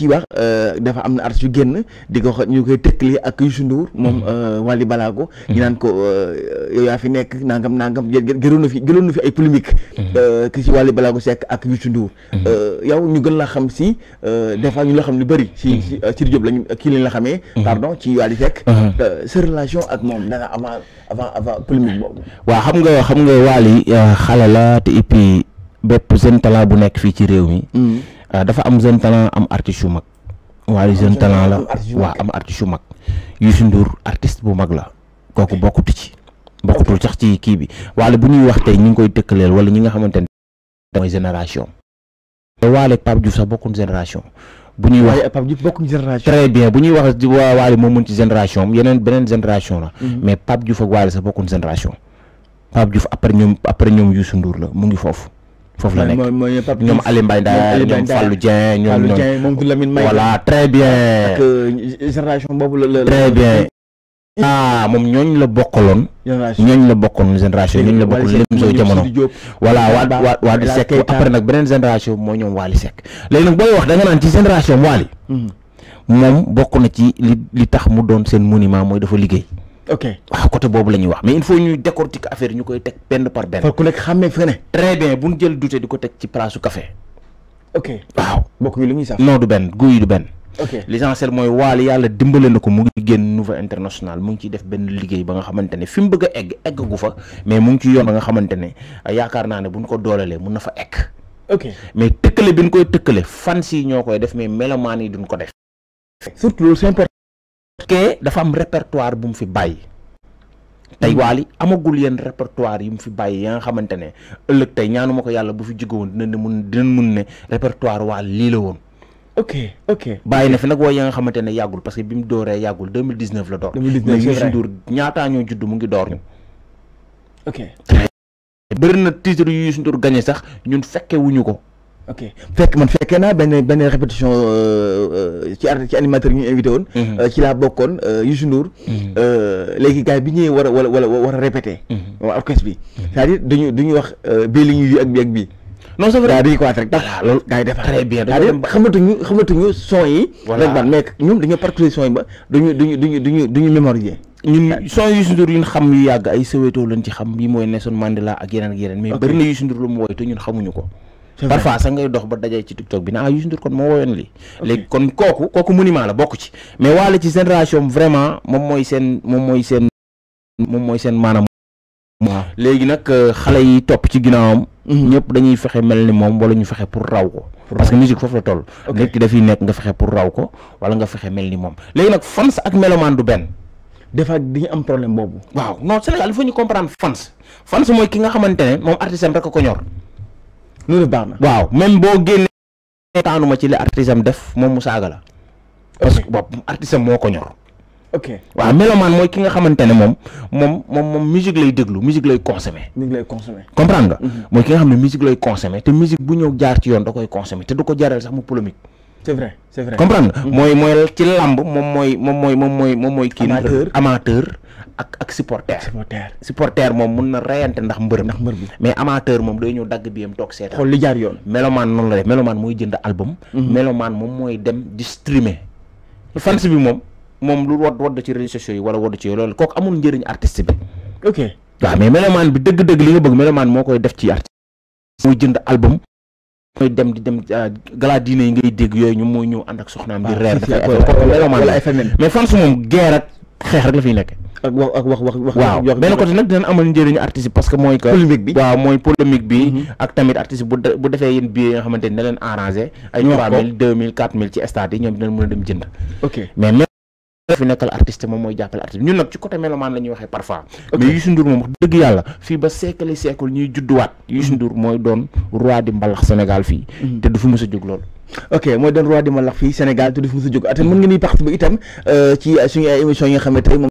kii wax euh, dafa am na artiste yu génn di ko ñu koy tëkkale ak Youssou Ndour moom mm-hmm. euh, Wally Balago ñu mm-hmm. naan ko euh, yow yaa fi nekk nangam nangam gëroon na fi gëroon na fi ay polémique ki mm-hmm. si Wally Balago Seck ak Youssou Ndour yow ñu gën la xam si des fois ñu la xam lu bëri si si Sidy Diop la xamee pardon ci Wally Seck sa relation ak moom danga avant avant avant polémique xam nga xam nga Wally xale la te et puis bépp jeune bu nekk fii ci réew mi Euh, dafa am jeune talent am artiste yu mag. waaye jeune talent la waa am artiste yu mag. Youssou Ndour artist bu mag la kooku bokkutu ci. bokkutul sax ci kii bi waale bu ñuy wax tey ñu ngi koy tëkkaleel wala ñi nga xamante ne mooy génération. te waale Pape Diouf sax bokkuñ génération. bu ñuy wax Pape Diouf bokkuñ génération. très bien bu ñuy wax waa waale moom mën ci génération yeneen beneen génération la. Mhm. mais Pape Diouf ak waale sax bokkuñ génération. Pape Diouf après ñoom après ñoom Youssou Ndour la mu ngi foofu. foofu la nekk ñoom Aliou Mbaye Ndiaye ñoom Fallou Dieng ñoom ñoom voilà très bien. ak euh, boobu la la très bien. ah moom ñooñ la bokkaloon. ñooñ la bokkoon génération ñooñ la bokkaloon lim soo jamono. voilà waa waa Wally Seck après nag beneen génération moo ñoom Wally Seck léegi nag booy wax da nga naan ci génération Wally mm-hmm. moom bokk na ci li li tax mu doon seen monument mooy dafa liggéey. ok waaw côté boobu la ñuy wax mais il ñuy décortiquer affaire ñu koy teg benn par benn. par ku nekk xàmmee fi ne. très bien bu ñu jël dute di ko teg ci place su café. waaw bokk yi li ñuy sax. non du benn guy du benn. ok l'essentiel mooy waal yàlla dimbale na ko mu ngi génn nouveau international mu ngi ciy def benn liggéey ba nga xamante ne fi mu bëgg a egg egg gu fa mais mu ngi ci yoon ba nga xamante ne yaakaar naa ne bu ñu ko doolelee mun na fa egg. ok mais tëkkale bi ñu koy tëkkale fans yi ñoo koy def mais melomaan yi duñ ko def. que dafa am répertoire bu mu fi bàyyi tey hmm. waali amagul yenn répertoire yu mu fi bàyyi ya nga xamante ne ëllëg tey ñaanuma ko yàlla bu fi jóge woon dinañ mun dinañ mun ne répertoire waal lii la woon ok ok bàyyi na fi nag wooy ya nga xamante ne yàggul parce que bi mu dooree yàggul 2019 la door mais Youssou Ndour ñaataa ñoo judd mu ngi door ñu ok bëri na titre yu Youssou Ndour gagné sax ñun fekke wuñu ko ok fekk man fekkee naa benn benn répétition euh, Euh, ci ar ci animateur ñu invité woon mhm. euh, ci laa bokkoon euh, Youssou Ndour mhm. léegi gars bi ñëwee war a wala wala war a répété mhm. orchestre bi c'est-à-dire dañu wax bii li ñuy ak bi ak bii non c'est vrai dañuy ko waat rek voilà loolu gars yi defar très bien ba duñu duñu duñu duñu duñu mémoriser ñun son Youssou Ndour yuñ xam yu yàgg ay Soweto lañ xam yi mooy Nelson Mandela ak yeneen ak yeneen mais bëri na ko parfois sangay dox ba dajay ci tiktok bi na ah ndur kon mo woyone li legui kon koku koku monument la bokku ci mais wala ci génération vraiment mom moy sen mom moy sen mom moy sen manam ah. legui nak euh, xalé yi top ci ginaawam mhm. ñepp dañuy fexé melni mom wala ñu fexé pour raw ko parce que musique fofu la toll nit ki dafiy nekk nga fexé pour raw ko wala nga fexé melni mom legui nak fans ak melomaan du ben def ak dañuy am problème bobu waaw non Sénégal il faut ñu comprendre fans fans moy ki nga xamantene mom artiste am rek ko ñor loolu baax na waaw même boo génnee taanuma ci le artiste def moom mu saaga la parce que bopp artiste moo ko ñor ok waaw mélomane mooy ki nga xamante ne moom moom moom moom musique lay déglu musique lay consommer. musique lay consommer. comprendre nga. Mhm. mooy ki nga xam ne musique lay consommer te musique bu ñëw jaar ci yoon da koy consommer te du ko jaral sax mu polémique. c'est vrai c'est vrai comprendre mhm. mooy mooy ci làmb moom mooy moom mooy moom mooy moom mooy kii amateur ak ak supporter supporter moom mun na reyante ndax mbërëm ndax mbërëm mais amateur moom day ñëw dagg biyam toog seetaan xool li jaar yoon melomaan noonu la def melomaan mooy jënd album mhm. meloman moom mooy dem di streamer fans bi moom moom lu wod wodd ci réseaux sociaux yi wala wodd ci yooyu loolu kooku amul njëriñ artiste bi ok waaw mais melomaan bi dëgg-dëgg li nga bëgg melomaan moo koy def ci artiste mooy jënd album mooy dem di dem ah, galaa diine yi ngay dégg yooyu ñu mooy ñëw ànd ak soxnaam di ah, reer mais fan su moom guerre ak xeex rek la fiy nekk ak wax wax wax wax waaw benn côté nag dinañ amal njëriñu artiste parce que mooy polémique bi mhm. ak tamit artiste bu defee yéen billets yi xamante ne leen arrangé ay trois mille deux mille quatre mille ci stade yi ñoom dinañ mën a dem jënd fi nekkal artiste moom mooy jàppale artiste ñun nag ci côté mélomane la ñuy waxee parfois mais Youssou Ndour moom wax dëgg yàlla fii ba siècle siècle ñuy judduwaat Youssou mm-hmm. Ndour mooy doon roi di mbalax Sénégal fii mm-hmm. te du fi mës a jóg loolu ok mooy doon roi di mbalax fii Sénégal te du fi mës a jóg ate mën nga ni parti ba itam euh, ci suñu ay émission yi nga xam ne